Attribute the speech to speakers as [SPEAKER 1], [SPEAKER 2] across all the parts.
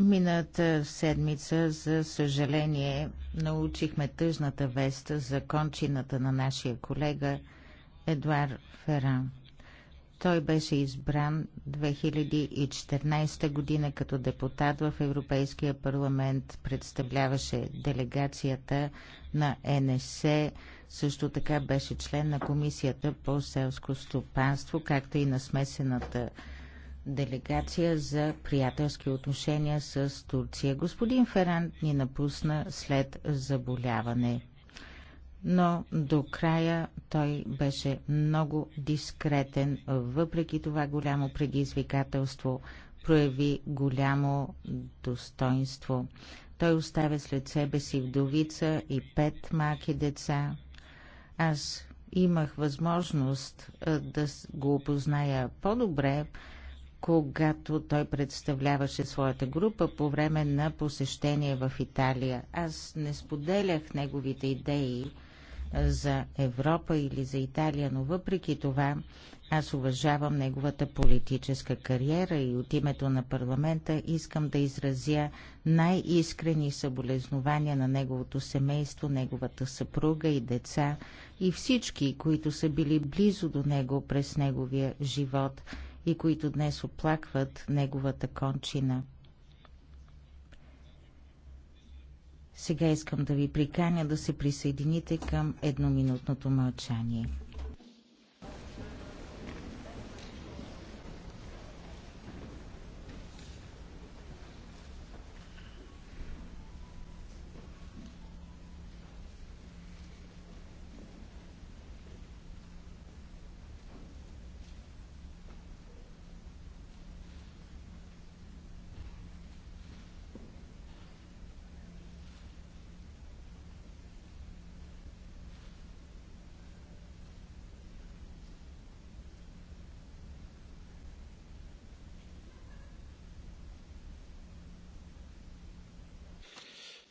[SPEAKER 1] Мината седмица, за съжаление, научихме тъжната веста за кончината на нашия колега Едуар Феран. Той беше избран 2014 година като депутат в Европейския парламент, представляваше делегацията на НСЕ, също така беше член на Комисията по селско стопанство, както и на смесената делегация за приятелски отношения с Турция. Господин Феран ни напусна след заболяване. Но до края той беше много дискретен, въпреки това голямо предизвикателство прояви голямо достоинство. Той оставя след себе си вдовица и пет малки деца. Аз имах възможност да го опозная по-добре, когато той представляваше своята група по време на посещение в Италия. Аз не споделях неговите идеи за Европа или за Италия, но въпреки това аз уважавам неговата политическа кариера и от името на парламента искам да изразя най-искрени съболезнования на неговото семейство, неговата съпруга и деца и всички, които са били близо до него през неговия живот – и които днес оплакват неговата кончина. Сега искам да ви приканя да се присъедините към едноминутното мълчание.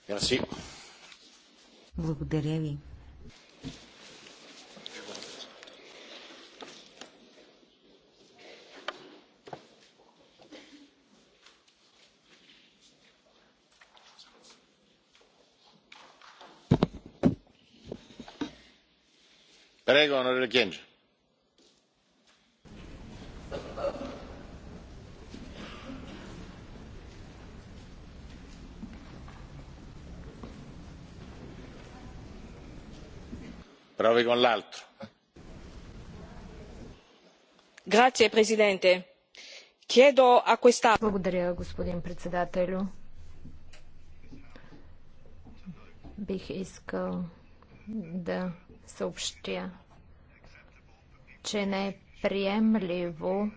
[SPEAKER 1] Merci. Благодаря ви.
[SPEAKER 2] Prego, onorevole Kienge. благодаря господин председателю. бих искал да съобщя че не е приемливо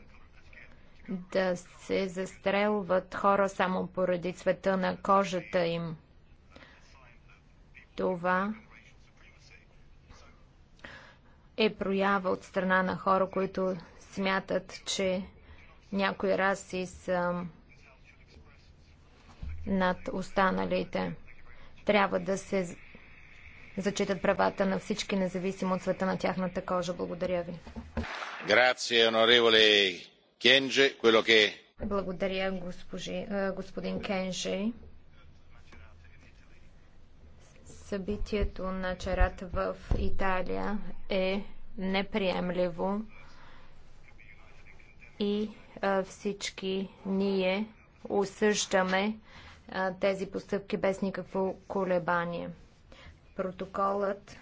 [SPEAKER 2] да се застрелват хора само поради цвета на кожата им. Това е проява от страна на хора, които смятат, че някои раси са над останалите. Трябва да се зачитат правата на всички, независимо от света на тяхната кожа. Благодаря ви. Благодаря, госпожи, е, господин Кенже. Събитието на черата в Италия е неприемливо и всички ние осъщаме тези постъпки без никакво колебание. Протоколът